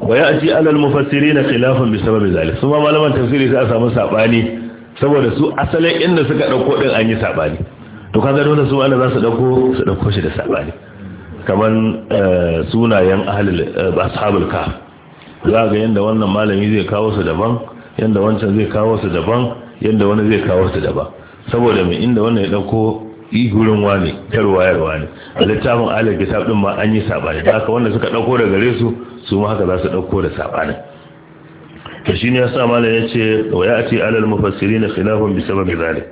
wa ya aji alal mufassiri na khilafin bi sababi zalik su ma malaman tafsiri sai a samu sabani saboda su asalin inda suka dauko din an yi sabani to kaga dole su wanda za su dauko su dauko shi da sabani kaman eh, sunayen ahlul eh, ashabul kahf za ga yadda wannan malami zai kawo su daban yadda wancan zai kawo su daban yadda wani zai kawo su daban saboda mai inda wannan ya dauko igurin wani tarwayarwa ne a littafin alar kitab din ma an yi sabani da haka wanda suka dauko da gare su su ma haka za su dauko da ne to shine yasa ya yace wa ya'ti alal mufassirin khilafun bi sababi zalik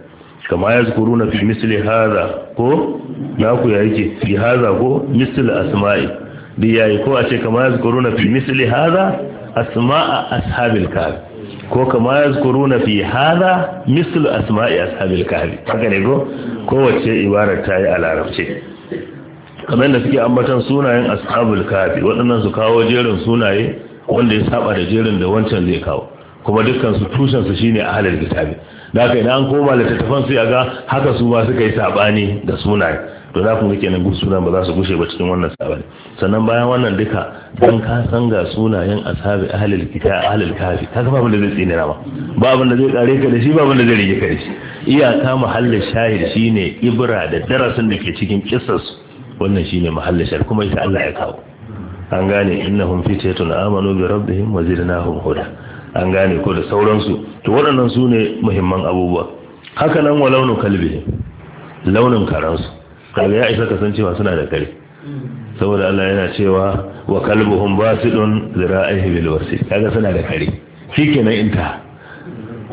kama yazkuruna fi misli hadha ko naku ya yake fi hadha ko misli asma'i da yayi ko a ce kama na fi misli hadha asma'a ashabil kahf ko kama na fi hadha mislu asma'i ashabil kahf haka ne go kowace ibarar ta yi a larabce kamar da suke ambatan sunayen ashabil kahf waɗannan su kawo jerin sunaye wanda ya saba da jerin da wancan zai kawo kuma dukkan su tushen su shine a halar da haka idan an koma littattafan su ga haka su ma suka yi saɓani da sunaye to za ku ga kenan gun sunan ba za su gushe ba cikin wannan sabani sannan bayan wannan duka dan ka san ga sunayen ashabi ahlul kitab ahlul kafi kaga ba abin da zai tsine ba ba abin da zai kare ka da shi ba abin da zai rige ka da shi iyaka mahallin shahid shine ibra da darasin da ke cikin kissas wannan shine mahallin shahid kuma insha Allah ya kawo an gane innahum fitatun amanu bi rabbihim wa zidnahum huda an gane ko da sauransu to waɗannan su ne muhimman abubuwa haka nan wa launin kalbi launin karansu kaga ya isa kasancewa suna da kare saboda Allah yana cewa wa kalbuhum basidun zira'ihi bil wasi kaga suna da kare shikenan inta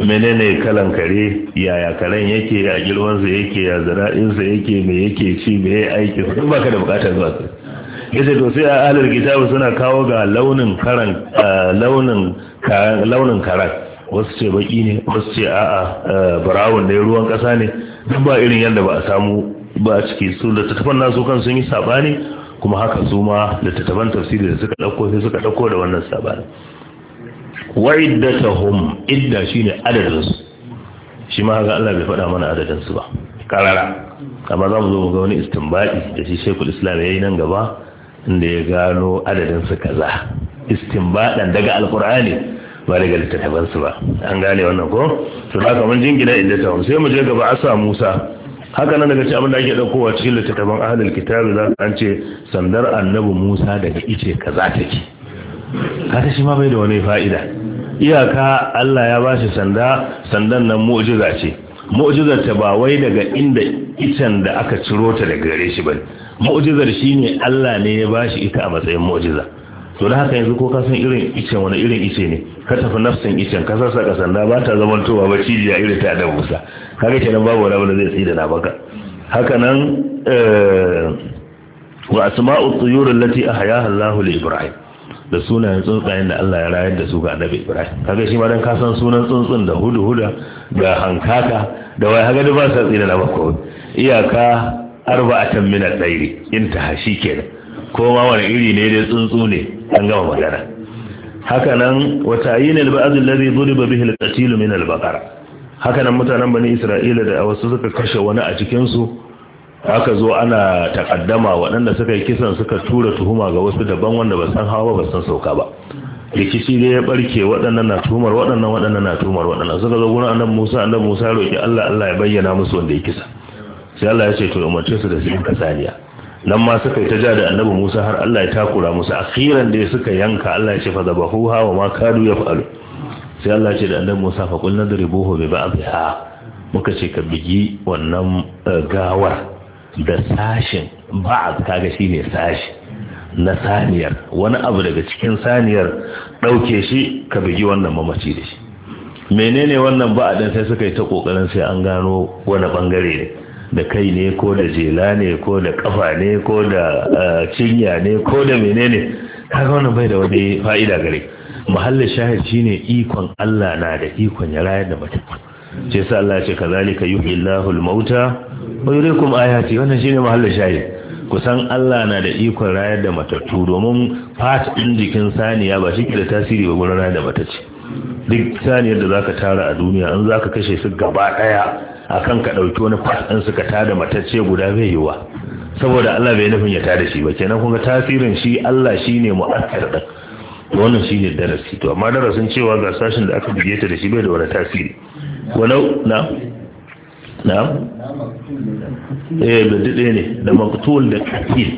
menene kalan kare yaya karen yake ya sa yake ya sa yake me yake ci me yake aiki duk baka da bukata zuwa sai yace to sai ahlul kitab suna kawo ga launin karan launin launin karan wasu ce baki ne wasu ce a'a brown ne ruwan kasa ne duk ba irin yadda ba a samu ba ciki su littattafan nasu kan sun yi saɓani kuma haka su ma littattafan tafsiri da suka ɗauko sai suka ɗauko da wannan saɓani wa hum idda shi ne su shi ma haka Allah bai faɗa mana adadansu ba karara amma za mu zo mu ga wani istinbadi da shi shekul Islam ya yi nan gaba inda ya gano adadinsu kaza istinbadan daga alqur'ani ba daga littattafansu ba an gane wannan ko su da kamar jingina hum sai mu je gaba asa Musa haka nan daga cikin abin da ake daukowa cikin littattafan ahlul kitabi za an ce sandar annabi Musa daga ice kaza take ta shi ma bai da wani fa'ida iyaka Allah ya bashi sanda sandan nan mu'jiza ce mu'jizar ta ba wai daga inda icen da aka ciro ta daga gare shi ba mu'jizar shine Allah ne ya bashi ita a matsayin mu'jiza to da haka yanzu ko ka san irin ice wani irin ice ne ka tafi nafsin icen ka sassa ka sanda ba ta towa ba cibiya irin ta da musa kaga kenan babu wani wanda zai tsida na baka haka nan eh, wa asma'u tuyur allati ahyaha Allahu li Ibrahim da sunayen tsuntsayen da Allah ya rayar da su ga annabi Ibrahim kaga shi ma dan ka san sunan tsuntsun da hudu-huda da hankaka da wai haka da ba sa tsida na baka iyaka arba'atan min al-dairi intaha shikenan ko ma wani iri ne dai tsuntsu ne an gama magana hakanan wa ne al-ba'd alladhi duriba bihi al-qatil min al-baqara hakanan mutanen bani isra'ila da wasu suka kashe wani a cikin su aka zo ana takaddama waɗanda suka yi kisan suka tura tuhuma ga wasu daban wanda ba san hawa ba san sauka ba rikici ne ya barke waɗannan na tuhumar waɗannan waɗannan na tuhumar waɗannan suka zo gurin annabi Musa annabi Musa roki Allah Allah ya bayyana musu wanda ya kisa sai Allah ya ce to umarce su da su yi kasaniya nan ma suka yi ta ja da annabi Musa har Allah ya takura musu akhiran da suka yanka Allah ya ce fa zabahuha hawa ma kadu yafalu sai Allah ya ce da annabi Musa fa qul nadribuhu bi ba'dha muka ce ka bigi wannan eh, gawar da sashin ba'd kaga shine sashi na saniyar wani abu daga cikin saniyar dauke shi ka bigi wannan mamaci da shi menene wannan ba'adin sai suka yi ta kokarin sai an gano wani bangare ne da kai ne ko da jela ne ko da kafa ne ko da eh, cinya ne ko da menene kaga wannan bai da wani fa'ida gare muhallin shahid shine ikon Allah na da ikon ya rayar da mutum ce sa Allah ce kazalika yuhyi Allahu al-mauta wa yuriikum ayati wannan shine muhallin shahid kusan Allah na da ikon rayar da matattu domin fat din jikin saniya ba shi da tasiri ba gurin rayar da matacce duk saniyar da zaka tara a duniya an zaka kashe su gaba daya akan ka ɗauki wani fas ɗin suka tada matacce guda bai yiwa saboda Allah bai nufin ya tada shi ba kenan kun ga tasirin shi Allah shine mu'akkar din wannan shine darasi to amma darasin cewa ga sashin da aka bige ta da shi bai da wani tasiri walau na na eh dade ne da maqtul da qatil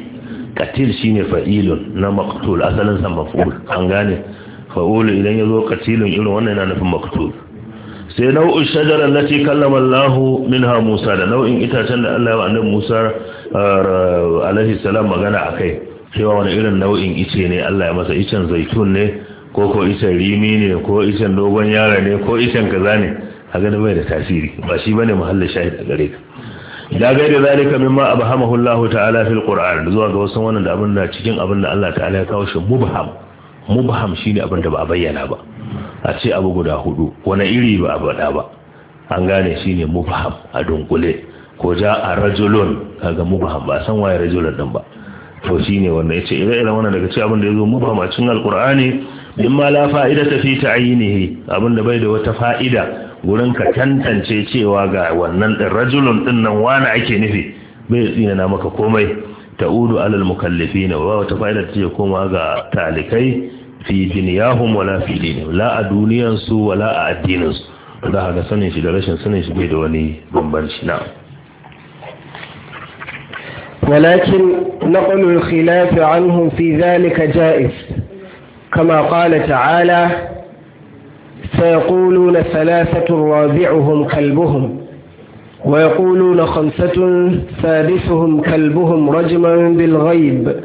qatil shine fa'ilun na maqtul asalin sa maf'ul an gane fa'ul idan yazo qatilun irin wannan yana nufin maqtul sai nau'in shajarar lati kallama Allahu minha Musa da nau'in itacen da Allah ya annabi Musa eh, alaihi salam magana akai cewa wani irin nau'in ice ne Allah ya masa icen zaitun ne ko ko icen rimi ne ko icen dogon yara ne ko icen kaza ne a ganin bai da tasiri ba shi bane muhallin shahid a gare ka da gai da zalika mimma abahamahu Allah ta'ala fil Qur'an zuwa ga wasu wannan da abin da cikin abin da Allah ta'ala ya kawo shi mubham mubham shine abin da ba a bayyana ba a ce abu guda hudu wani iri ba a bada ba an gane shine mubham a dunkule ko ja a rajulun kaga mubham ba san waye rajulun din ba to shine ya ce ire-iren wannan daga ci abin da ya zo mubham a cikin alqur'ani ma la ta fi ta'yinihi abin da bai da wata fa'ida gurin ka tantance cewa ga wannan din rajulun din nan wani ake nufi bai tsina maka komai تقول على المكلفين وتفعل تيكم أغا تعليكي في دنياهم ولا في دينهم لا أدونيا سو ولا أدين سو هذا هذا سنة شدرشا سنة شبيدواني بمبانش نعم ولكن نقل الخلاف عنهم في ذلك جائز كما قال تعالى سيقولون ثلاثة رابعهم كلبهم ويقولون خمسة ثالثهم كلبهم رجما بالغيب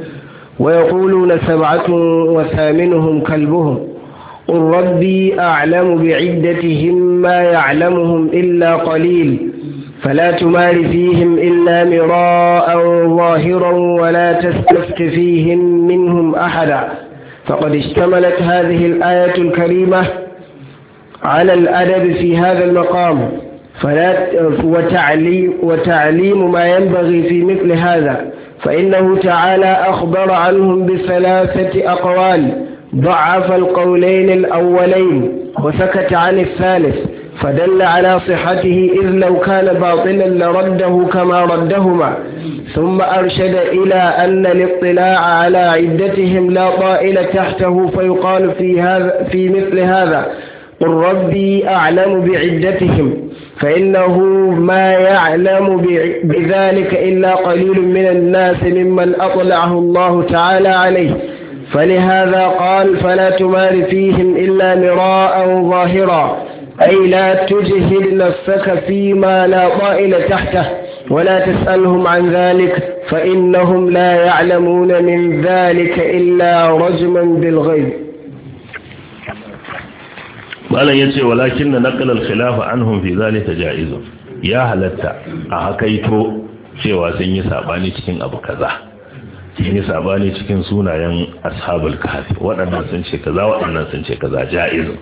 ويقولون سبعة وثامنهم كلبهم قل ربي أعلم بعدتهم ما يعلمهم إلا قليل فلا تمار فيهم إلا مراء ظاهرا ولا تستفت فيهم منهم أحدا فقد اشتملت هذه الآية الكريمة على الأدب في هذا المقام فلا وتعليم, وتعليم ما ينبغي في مثل هذا فإنه تعالى أخبر عنهم بثلاثة أقوال ضعف القولين الأولين وسكت عن الثالث فدل على صحته إذ لو كان باطلا لرده كما ردهما ثم أرشد إلى أن الاطلاع على عدتهم لا طائل تحته فيقال في, هذا في مثل هذا قل ربي أعلم بعدتهم فإنه ما يعلم بذلك إلا قليل من الناس ممن أطلعه الله تعالى عليه فلهذا قال فلا تمار فيهم إلا مراء ظاهرا أي لا تجهد نفسك فيما لا طائل تحته ولا تسألهم عن ذلك فإنهم لا يعلمون من ذلك إلا رجما بالغيب malam ya ce walakin na nakalar khilafa an hunfi zane ta ja'izu ya halatta a hakaito cewa sun yi sabani cikin abu kaza sun yi sabani cikin sunayen ashabul kafi waɗannan sun ce kaza waɗannan sun ce kaza ja'izu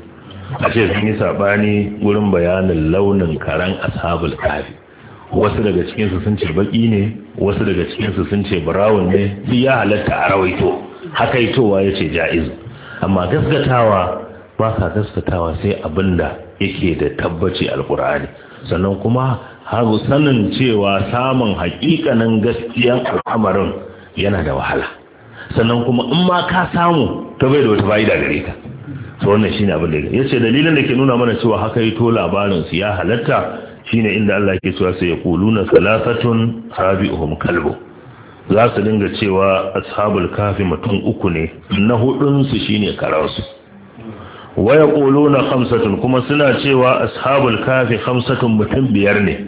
a ce sun yi sabani wurin bayanin launin karen ashabul kafi wasu daga cikinsu sun ce baki ne wasu daga cikinsu sun ce brown ne ya halatta a rawaito hakaitowa ya ce ja'izu amma gaskatawa ba sa gaskatawa sai abin da yake da tabbaci alkur'ani sannan kuma har sanin cewa samun hakikanin gaskiyan al'amarin yana da wahala sannan kuma in ma ka samu ta bai da wata fa'ida gare ka to wannan shine abin da yace dalilin da ke nuna mana cewa haka yi to labarin su ya halatta shine inda Allah yake cewa sai yaquluna salasatun rabi'uhum kalbu za su dinga cewa ashabul kafi mutum uku ne na hudun su shine karansu Waya kolo na hamsatun kuma suna cewa ashabul kafi hamsatun mutum biyar ne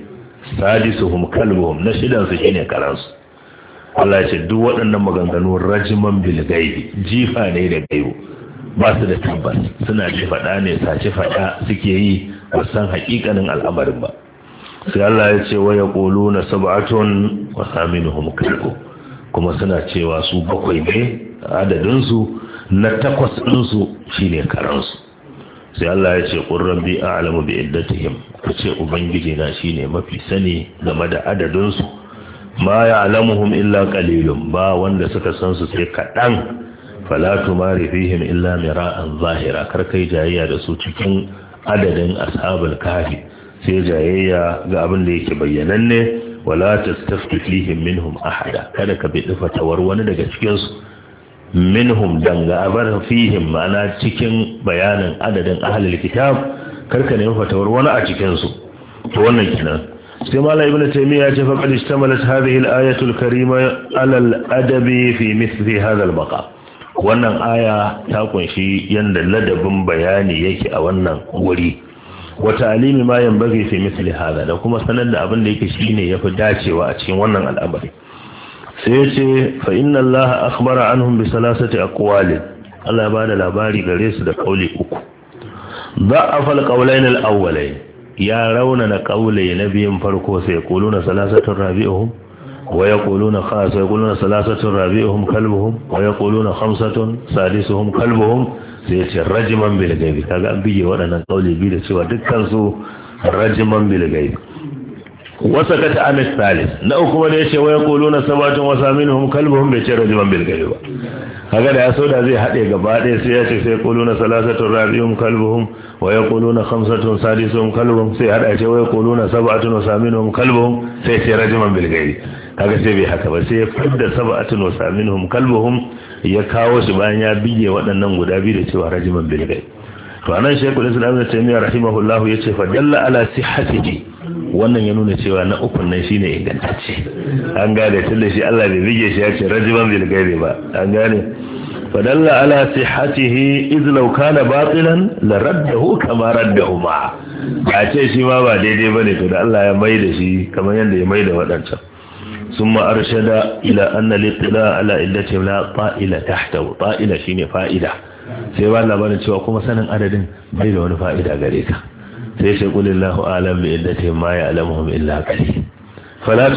sadisuhum kalbuhum na shidan su shine karansu Allah ce duk waɗannan maganganu rajiman bil gaibi jifa ne da gaibu ba su da tabbas suna ji faɗa ne sace faɗa suke yi ba san haƙiƙanin al'amarin ba sai Allah ya ce wa yaquluna sab'atun wa saminuhum kalbu kuma suna cewa su bakwai ne adadin su na takwas ɗinsu shine karansu sai Allah ya ce ƙurran bi a'lamu bi iddatihim ku ce ubangiji na shine mafi sani game da adadinsu ma ya ya'lamuhum illa ƙalilun ba wanda suka san su sai kaɗan fala tumari fihim illa mira'an zahira kar kai jayayya da su cikin adadin ashabul kafi sai jayayya ga abin da yake bayyananne wala tastafti fihim minhum ahada kada ka bi fatawar wani daga cikinsu. su minhum danga abar fihim ma'ana cikin bayanin adadin ahlul kitab karka ne fatawar wani a cikin su to wannan kenan sai mala ibnu taymiya ya ce faqad istamalat hadhihi al-ayatu al-karima ala al-adabi fi mithli hadha al-baqa wannan aya ta kunshi yanda ladabin bayani yake a wannan wuri wa ta'limi ma yanbaghi fi mithli hadha da kuma sanar da abin da yake shine yafi dacewa a cikin wannan al'amari sai ya ce fa inna Allah akhbara anhum bi salasati aqwalin Allah ya bada labari gare su da kauli uku za a fal qawlain al awwalain ya rauna na qawli na biyan farko sai kuluna salasatu rabi'uhum wa yaquluna khas wa yaquluna salasatu rabi'uhum kalbuhum wa yaquluna khamsatun salisuhum kalbuhum sai ya ce rajiman bil gaib kaga an bige waɗannan kauli biyu da cewa dukkan su rajiman bil gaib wata ka Salis amis talis na uku wani ya ce wai kulu na sabatun wasa minuhum bai ce rajiman ba haka da ya so da zai haɗe gaba ɗaya sai ya ce sai kulu na salasatun rabiyun kalbuhum wai ya kulu na hamsatun sadisun kalbuhum sai ce wai kulu na sabatun wasa minuhum sai ce rajiman sai bai haka ba sai ya fadda sabatun wasa minuhum kalbuhum ya kawo shi bayan ya bige waɗannan guda biyu da cewa rajiman bil gari to anan shekul islam da taimiyya rahimahullahu ya ce fa dalla ala sihatihi wannan ya nuna cewa na ukun nan shine ingantacce an gane tunda shi Allah bai bige shi ya ce rajiban bil gaibi ba an gane fadalla ala sihhatihi iz law kana batilan la raddahu kama raddahuma ya ce shi ma ba daidai bane to da Allah ya mai da shi kamar yanda ya mai da wadancan ثم أرشد إلى أن الاطلاع على إلته لا طائلة تحته طائلة شيني فائدة سيبان لبانا cewa kuma sanin adadin bai da wani fa'ida gare ka sai ce kulillahu alam bi iddati ma ya'lamuhum illa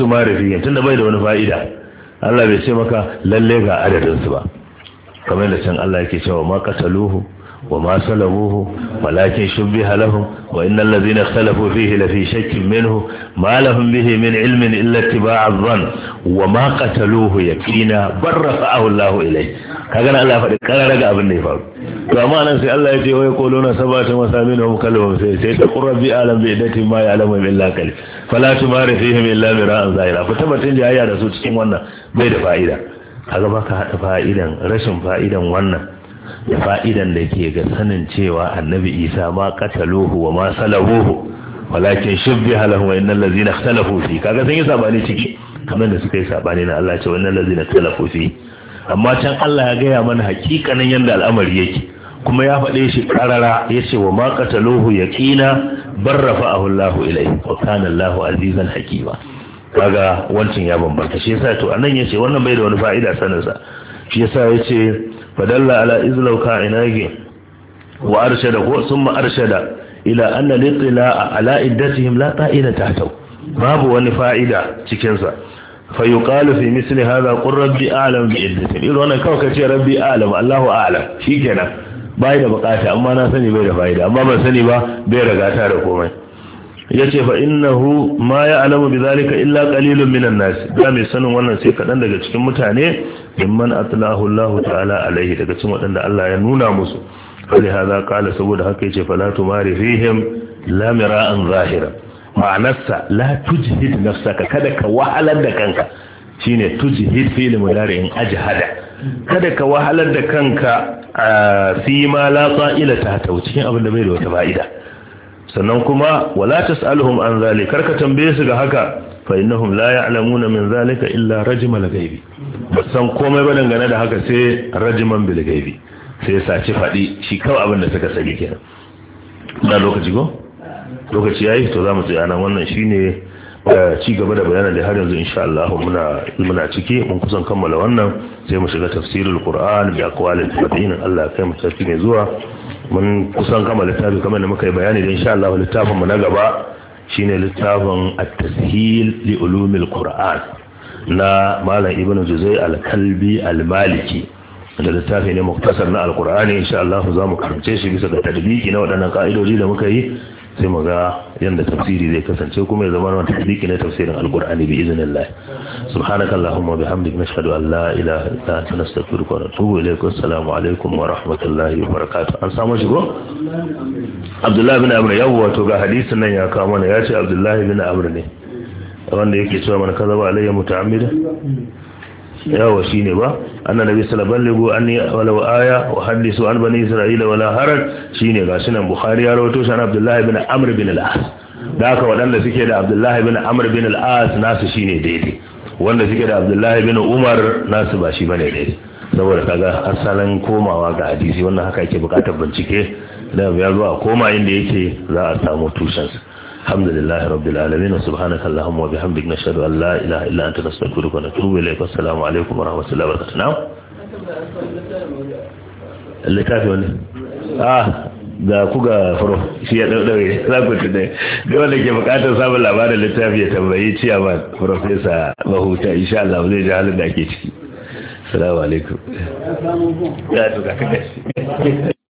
ma rufi ne tun da bai da wani fa'ida Allah bai ce maka lalle ga adadin su ba kamar da can Allah yake cewa ma qataluhu wa ma salamuhu, walakin shubbiha lahum wa innal ladhina salafu, fihi lafi shakkin minhu ma lahum bihi min ilmin illa ittiba'a dhann wa ma qataluhu yaqina barrafa'ahu Allah ilai. kaga na Allah faɗi karara ga abin da ya faru to amma nan sai Allah ya ce wai ko lona sabatin wa samin wa mukallama sai sai ta qurbi alam bi idati ma ya alamu illa kal fala tumari fihim illa mira'an zahira fa tabbatin jayya da su cikin wannan bai da fa'ida kaga baka hada fa'idan rashin fa'idan wannan da fa'idan da ke ga sanin cewa annabi isa ma qataluhu wa ma salabuhu walakin shubbiha lahu wa innal ladhina ikhtalafu fi kaga sun yi sabani ciki kamar da suka yi sabani na Allah ce wannan ladhina ikhtalafu fi amma can Allah ya gaya mana hakikanin yadda al'amari yake kuma ya faɗe shi ƙarara ya ce wa ma qataluhu yaqina barrafa Allahu ilai wa kana Allahu azizan hakima kaga wancan ya bambanta shi yasa to anan yace wannan bai da wani fa'ida sanin sa shi yasa yace fadalla ala izlau ka'inagi wa arshada ko summa arshada ila anna litla ala iddatihim la ta'ina tahtaw babu wani fa'ida cikin sa fa yuqalu fi misli hadha qur rabbi a'lam bi izzati irin wannan kawai kace rabbi a'lam Allahu a'lam kenan bai da bukata amma na sani bai da fa'ida amma ban sani ba bai ta da komai yace fa innahu ma alamu bi zalika illa qalilun minan nas da mai sanin wannan sai kadan daga cikin mutane mimman atlahu Allahu ta'ala alaihi daga cikin wadanda Allah ya nuna musu fa li hadha qala saboda haka yace fala tumari fihim la mira'an zahira ma'anarsa la tujhid nafsaka kada ka wahalar da kanka shine tujhid fi'l in ajhada kada ka wahalar da kanka fi ma la fa'ila ta ta cikin abin da bai da wata fa'ida sannan kuma wala tasaluhum an zalika ka tambaye su ga haka fa innahum la ya'lamuna min zalika illa rajmal ghaibi san komai ba dangane da haka sai rajman bil ghaibi sai sace fadi shi kawai abin da suka sani kenan da lokaci go lokaci yayi to zamu tsaya nan wannan shine eh, ci gaba da bayanan da har yanzu insha Allah muna muna ciki mun kusan kammala wannan sai mu shiga tafsirul Qur'an bi aqwalil tabi'in Allah kai mu tafi ne zuwa mun kusan kammala littafin kamar da muka yi bayani da insha Allah littafin mu na gaba shine littafin at-tashil li ulumil Qur'an na malam Ibn Juzay al-Kalbi al-Maliki da littafi ne muktasar na al-Qur'ani insha Allah za mu karance shi bisa ga tadbiki na waɗannan ka'idoji da muka yi sai mu ga yanda tafsiri zai kasance kuma ya zama wani tafsiri na tafsirin alqur'ani bi iznillah subhanakallahumma bihamdika nashhadu an la ilaha illa anta nastaghfiruka wa natubu ilayka assalamu alaikum wa rahmatullahi wa barakatuh an samu shi ko Abdullahi bin Amr yawwa to ga hadisin nan ya kawo mana ya ce Abdullahi bin Amr ne wanda yake cewa man kaza ba alayya muta'ammida yawa shi ne ba annan nabi salaban ligo an yi walawa aya wa hadisu an bani isra'ila wala harar shi ne ga sinan bukhari ya rawato shan abdullahi bin amr bin al'as da aka waɗanda suke da abdullahi bin amr bin al'as nasu shi ne daidai wanda suke da abdullahi bin umar nasu ba shi bane daidai saboda kaga asalin komawa ga hadisi wannan haka yake bukatar bincike da ya zuwa koma inda yake za a samu tushensa الحمد لله رب العالمين وسبحانك اللهم wa نشهد ان لا اله الا انت نستغفرك ونتوب اليك والسلام عليكم ورحمه الله وبركاته نعم اللي كافي ولا littafi wani ah, ga ku ga furo shi ya ɗauɗaure za ku tunai da wanda ke bukatar samun labarin littafi ya tambayi ba farfesa mahuta insha Allah zai ji halin da ake ciki salamu alaikum ya tuka